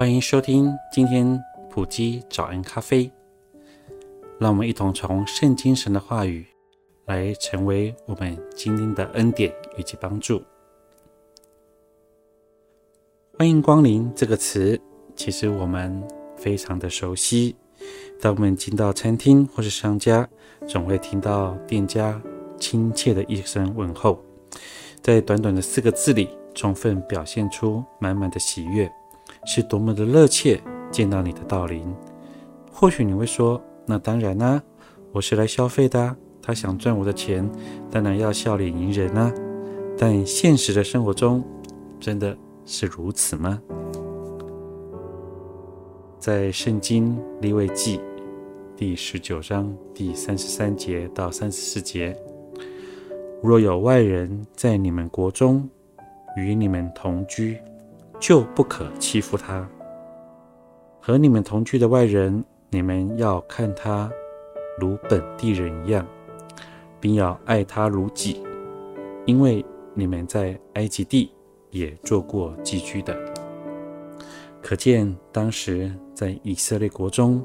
歡迎收聽今天埔基早安咖啡，讓我們一同從聖經神的話語來成為我們今天的恩典以及幫助。歡迎光臨這個詞，其實我們非常的熟悉。當我們進到餐廳或是商家，總會聽到店家親切的一聲問候，在短短的四個字裡，充分表現出滿滿的喜悅。是多麼的熱切見到你的到臨，或許你會說：“那當然啦、啊，我是來消費的，他想賺我的錢，當然要笑臉迎人啦、啊。”但現實的生活中，真的是如此嗎？在《聖經·利未記》第十九章第三十三節到三十四節：“若有外人在你們國中與你們同居，”就不可欺負他。和你們同居的外人，你們要看他如本地人一樣，並要愛他如己，因為你們在埃及地也做過寄居的。可見當時在以色列國中，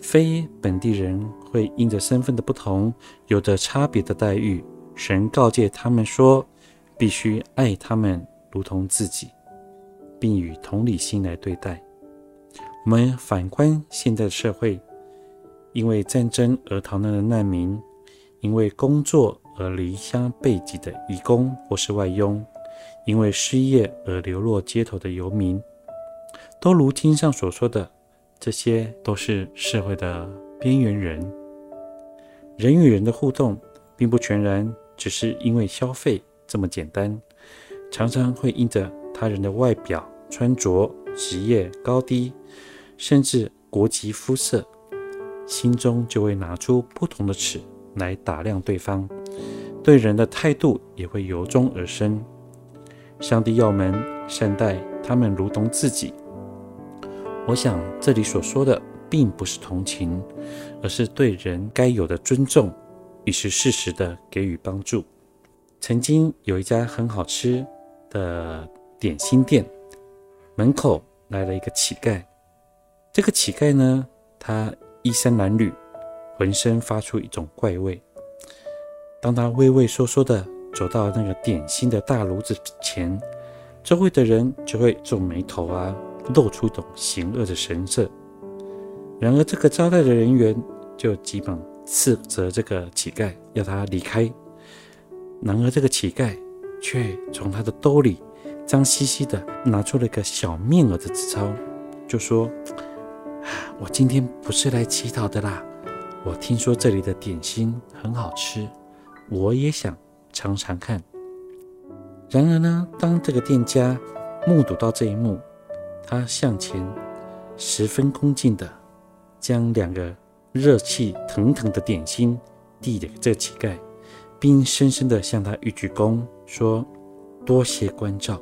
非本地人會因着身份的不同，有着差別的待遇。神告誡他們說，必須愛他們如同自己。並以同理心來對待。我們反觀現在的社會，因為戰爭而逃難的難民，因為工作而離鄉背井的移工或是外傭，因為失業而流落街頭的游民，都如經上所說的，這些都是社會的邊緣人。人與人的互動，並不全然只是因為消費這麼簡單，常常會因着他人的外表。穿着、職業高低，甚至國籍、膚色，心中就會拿出不同的尺來打量對方，對人的態度也會由衷而生。上帝要我們善待他們，如同自己。我想這裡所說的，並不是同情，而是對人該有的尊重，以及適時的給予幫助。曾經有一家很好吃的點心店。門口來了一個乞丐，這個乞丐呢，他衣衫襤褸，渾身發出一種怪味。當他畏畏縮縮的走到那個點心的大爐子前，周圍的人就會皺眉頭啊，露出一種邪惡的神色。然而，這個招待的人員就急忙斥責這個乞丐，要他離開。然而，這個乞丐卻從他的兜裡。髒兮兮的拿出了一個小面額的紙鈔，就說：“啊，我今天不是來乞討的啦，我聽說這裡的點心很好吃，我也想嘗嘗看。”然而呢，當這個店家目睹到這一幕，他向前十分恭敬的將兩個熱氣騰騰的點心遞給這乞丐，並深深的向他一鞠躬，說：“多謝關照。”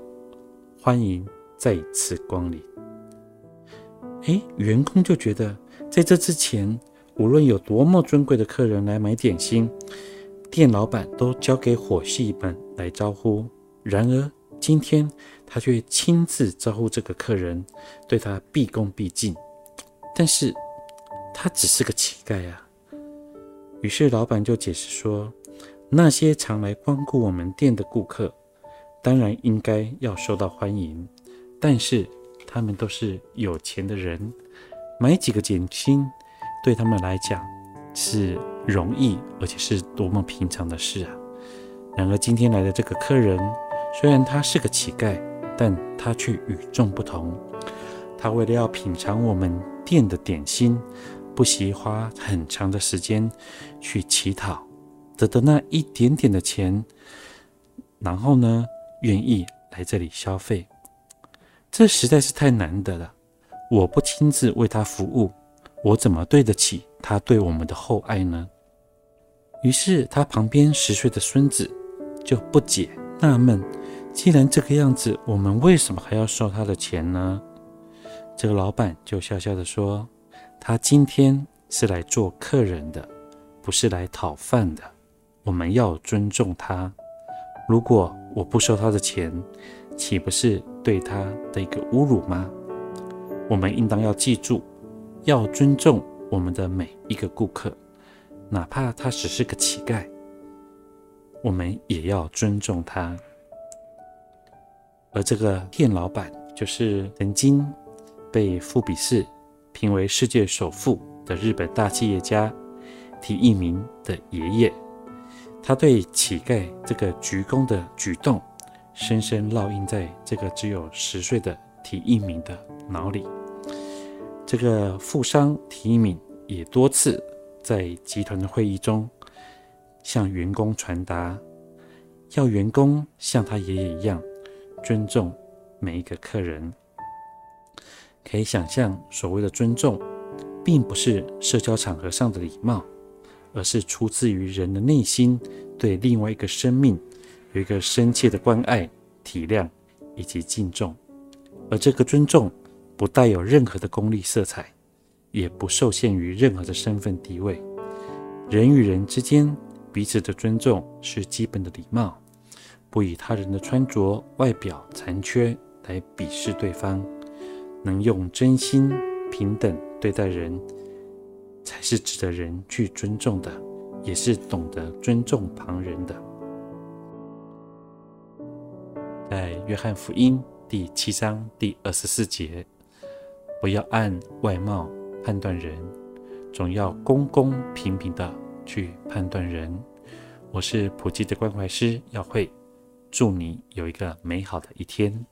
歡迎再次光臨。哎，員工就覺得，在這之前，無論有多麼尊貴的客人來買點心，店老板都交給夥計們來招呼。然而今天他卻親自招呼這個客人，對他畢恭畢敬。但是他只是個乞丐啊！於是老板就解釋說，那些常來光顧我們店的顧客，當然應該要受到歡迎，但是他們都是有錢的人，買幾個點心對他們來講是容易，而且是多麼平常的事啊！然而今天來的這個客人，雖然他是個乞丐，但他卻與眾不同。他為了要品嘗我們店的點心，不惜花很長的時間去乞討，得的那一點點的錢，然後呢？願意來這裡消費，這實在是太難得了。我不親自為他服務，我怎麼對得起他對我們的厚愛呢？於是他旁邊十歲的孫子就不解納悶，既然這個樣子，我們為什麼還要收他的錢呢？這個老闆就笑笑地說：“他今天是來做客人的，不是來討飯的。我們要尊重他。如果……”我不收他的錢，豈不是對他的一個侮辱嗎？我們應當要記住，要尊重我們的每一個顧客，哪怕他只是個乞丐，我們也要尊重他。而這個店老闆，就是曾經被富比士評為世界首富的日本大企業家堤義明的爺爺。他對乞丐這個鞠躬的舉動，深深烙印在這個只有十歲的提一敏的腦裡。這個富商提一敏也多次在集團的會議中向員工傳達，要員工像他爺爺一樣尊重每一個客人。可以想象，所謂的尊重，並不是社交場合上的禮貌。而是出自於人的內心，對另外一個生命有一個深切的關愛、體諒以及敬重，而這個尊重不帶有任何的功利色彩，也不受限於任何的身份地位。人與人之間彼此的尊重是基本的禮貌，不以他人的穿着、外表殘缺來鄙視對方，能用真心平等對待人。才是值得人去尊重的，也是懂得尊重旁人的。在《約翰福音》第七章第二十四節，不要按外貌判斷人，總要公公平平的去判斷人。我是埔基的關懷師耀慧，要會祝你有一個美好的一天。